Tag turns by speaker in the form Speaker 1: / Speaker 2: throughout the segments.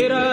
Speaker 1: Get up.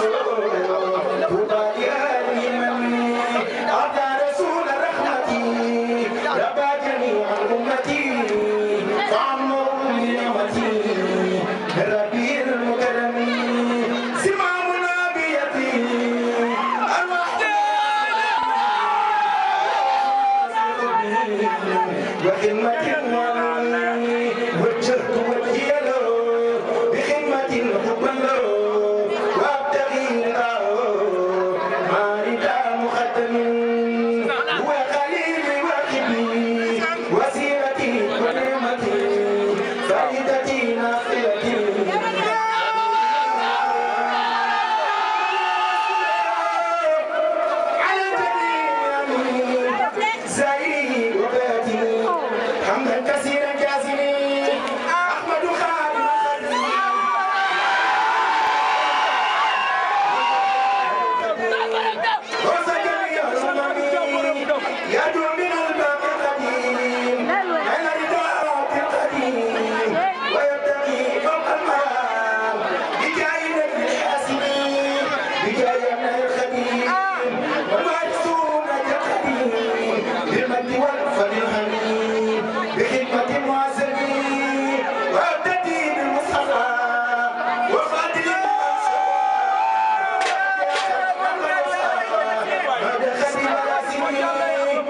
Speaker 1: soul.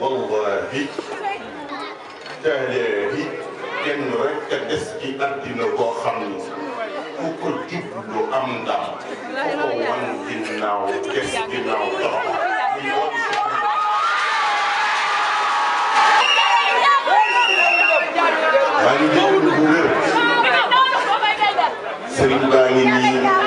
Speaker 1: wallahi taalaahi kenn rek a des ci àddina boo xam ni ku ko jublu am ndam ku ko wan ginnaaw des ginnaaw torop maa ngi déglu bu wér sëriñ baa ngi nii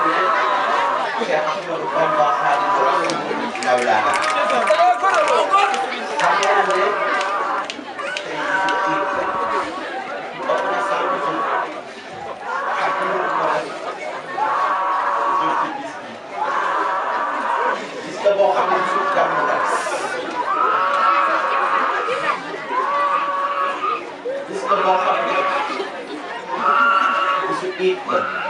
Speaker 1: شيخ احمد بابا خالد رسول مولانا Eat them.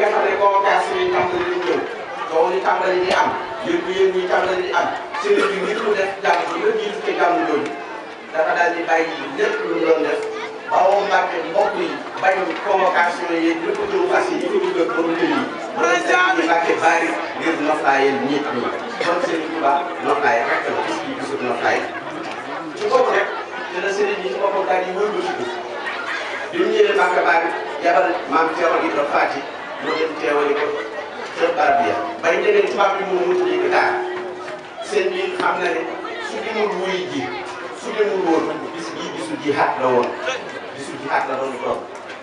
Speaker 1: nga xam ne convocation yi tàmbali di ñëw coow li tàmbali di am yëngu yëngu yi tàmbali di am sëriñ bi ngir mu def jàmm ji nga jiitu ci jàmm jooju dafa daal di bàyyi lépp lu mu doon def bawoo Mbàkke mbokk yi bañu convocation yi lépp turu fas yi ñu ko dugg borom kër yi loolu sëriñ bi Mbàkke bari ngir noflaayel nit ñi kon sëriñ Tuuba noflaay rek la gis kii gisut noflaay ci boobu rek dina sëriñ bi ci boppam daal di wëlbatiku bi mu ñëwee Mbàkke bari yabal maam Thierno Ibrahima Fatick moo dem teewale ko ca Barbiya bay déggee tubaab bi moo mujj léegi daal seen bi xam na ne su demul wuy ji su demul woon bis bii bisu jihaat la woon bisu jihaat la doon toog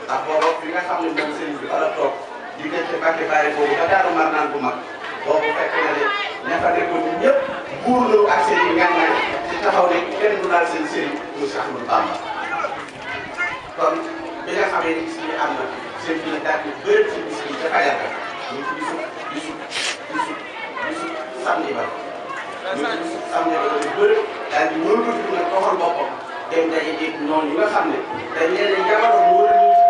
Speaker 1: ndax booba bi nga xam ne moom sëriñ bi fa la toog diggante Mbàkke Bari boobu ba Daaru Marnaan bu mag boobu fekk na ne ña fa nekkoon ñun ñëpp buurloo ak seen i ngànnaay ci taxaw ne kenn du laal seen sëriñ mu Seex Ahmadu Bamba kon bi nga xamee ni gis am na. sëñ bi daal di bëri ci bis bi dafa yàgg ñu ci bisu bisu bisu bisu samedi ba ñu ci bisu samedi ba dañu bëri daal di wër bëgg nag doxal boppam dem daje jéeg noonu yi nga xam ne dañ leen a yabaroon wala ñu ci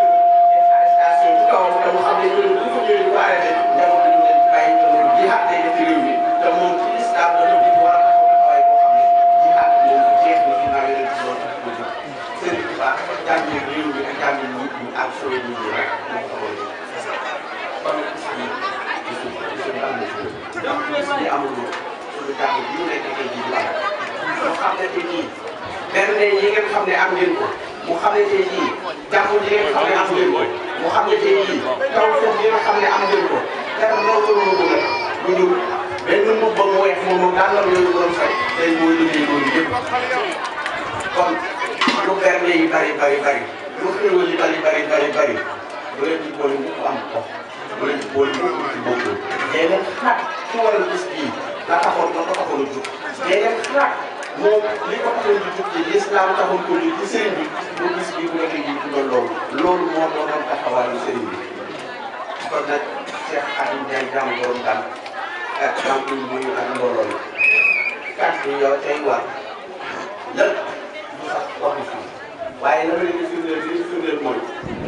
Speaker 1: def arrestation ci kawam te mu xam ne ñooñu bu fa ñëwee ñu ko arrêté yi amul moom suñu kàddu gi mu nekk tey jii di am mu xam ne tey jii bernde yi ngeen xam ne am ngeen ko mu xam ne tey jii jàmm ji ngeen xam ne am ngeen ko mu xam ne tey jii taw foofu yi nga xam ne am ngeen ko dara loolu la ko mën lu dul benn mbubb ba mu weex moom moom daanaka yooyu doon fay tey mooy liggéey loolu yëpp kon lu bernde yi bari bari bari lu xéwal yi bari bari bari bari bu leen di boole mu am ko. mooy mooy mooy mooy day leen xalaat ku waral bés bii la taxoon la ko taxoon a jug day leen xalaat moom li ko taxoon di jug ci lislaam taxoon ko di ci sëriñ bi pour bés bii bu la dégg ñu dugal loolu loolu moo doonoon taxawaayu sëriñ bi kon nag Cheikh Khadim Ndiaye jàmm borom daal ak jàmm bu ñu ak mbooloo yi kàddu yow tey war lépp mu sax waxu fi waaye la ma leen di firndeel li firndeel mooy